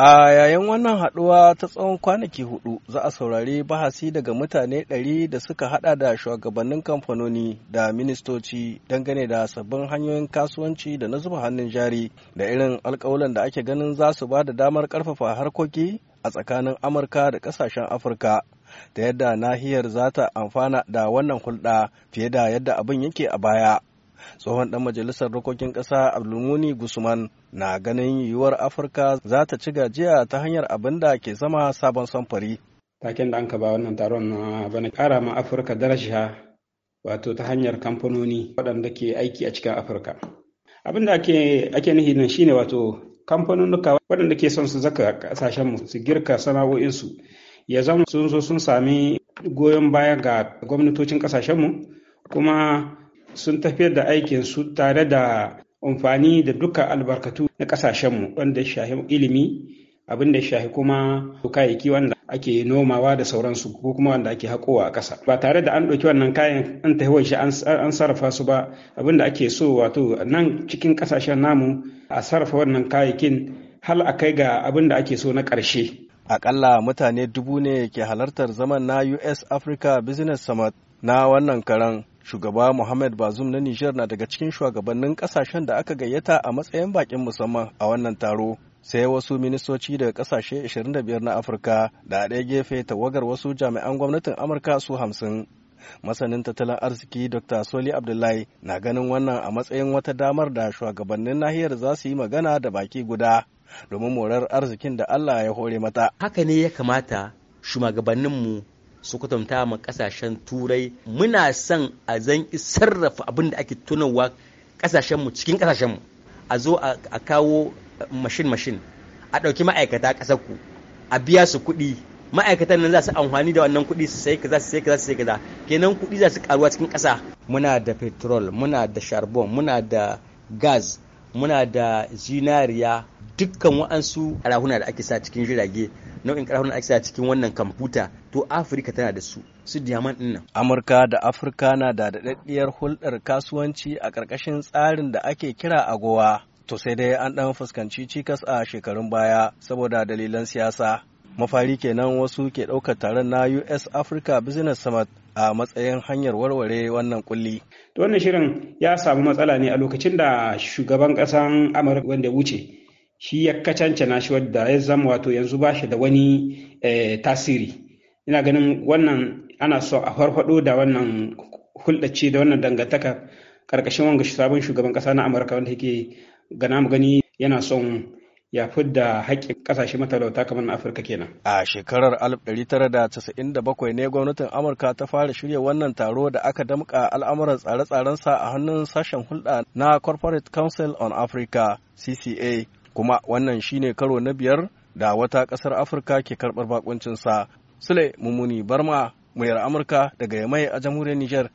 A yayin wannan haɗuwa ta tsawon kwanaki hudu za a saurari bahasi daga mutane ɗari da suka haɗa da shugabannin kamfanoni da ministoci dangane da sabbin hanyoyin kasuwanci da na zuba hannun jari da irin alkawalan da ake ganin za su ba da damar ƙarfafa harkoki a tsakanin Amurka da ƙasashen Afirka. Ta yadda nahiyar za ta amfana da wannan hulɗa fiye da yadda abin yake a baya. tsohon dan majalisar rokokin ƙasa abdulmuni gusman na ganin yiwuwar afirka za ta ci gajiya ta hanyar abin da ke zama sabon samfari taken da an ba wannan taron na bana ƙara ma afirka daraja wato ta hanyar kamfanoni waɗanda ke aiki a cikin afirka abin da ake ake nufi nan shine wato kamfanonuka waɗanda ke son su zaka ƙasashenmu su girka sana'o'insu ya zama sun zo sun sami goyon baya ga gwamnatocin ƙasashenmu kuma sun tafiyar da aikinsu tare da amfani da dukkan albarkatu na ƙasashenmu wanda shahi ilimi abin da shahi kuma kayayyaki wanda ake nomawa da sauransu ko kuma wanda ake haƙowa a ƙasa ba tare da an ɗauki wannan kayan an yawan shi an sarrafa su ba abin da ake so wato nan cikin ƙasashen namu a sarrafa wannan kayayyakin hal a kai ga abin da ake so na ƙarshe akalla mutane dubu ne ke halartar zaman na us africa business summit na wannan karan shugaba Muhammad Bazum na Nijar na daga cikin shugabannin kasashen da aka gayyata a matsayin bakin musamman a wannan taro. Sai wasu ministoci daga kasashe 25 na Afirka da a ɗaya gefe tawagar wasu jami'an gwamnatin Amurka su hamsin. Masanin tattalin arziki Dr. Soli Abdullahi na ganin wannan a matsayin wata damar da shugabannin nahiyar za su yi magana da baki guda domin morar arzikin da Allah ya hore mata. Haka ne ya kamata shugabanninmu su kwatanta ma kasashen turai muna son a zan sarrafa abin da ake tunawa mu cikin mu a zo a kawo mashin-mashin a ɗauki ma'aikata ƙasar ku a biya su kuɗi ma'aikatan nan za su amfani da wannan kuɗi su sai kaza su sai kaza su sai kaza kenan kuɗi za su karuwa cikin ƙasa muna da petrol muna da sharbon muna da gas muna da zinariya dukkan wa'ansu rahuna da ake sa cikin jirage nau'in ƙarfin aiki a cikin wannan kamfuta, to afirka tana da su su diamant din nan amurka da afirka na da daɗaɗɗiyar hulɗar kasuwanci a ƙarƙashin tsarin da ake kira agowa to sai dai an ɗan fuskanci cikas a shekarun baya saboda dalilan siyasa mafari kenan wasu ke ɗaukar taron na US Africa Business Summit a matsayin hanyar warware wannan kulli. Da wannan shirin ya samu matsala ne a lokacin da shugaban ƙasan Amurka wanda wuce shi ya kacancana shi wadda ya zama wato yanzu ba shi da wani eh, tasiri ina ganin wannan ana so a farfado da wannan hulɗace da wannan dangantaka karkashin wanga sabon shugaban ƙasa na amurka wanda yake gana mu gani yana son ya fidda haƙƙin ƙasashe matalauta kamar na afirka kenan a shekarar 1997 ne gwamnatin amurka ta fara shirya wannan taro da aka damƙa al'amuran tsare-tsarensa a hannun sashen hulɗa na corporate council on africa cca kuma wannan shine karo na biyar da wata ƙasar afirka ke karɓar bakuncinsa sule mummuni barma muyar amurka daga yamai a jamhuriyar niger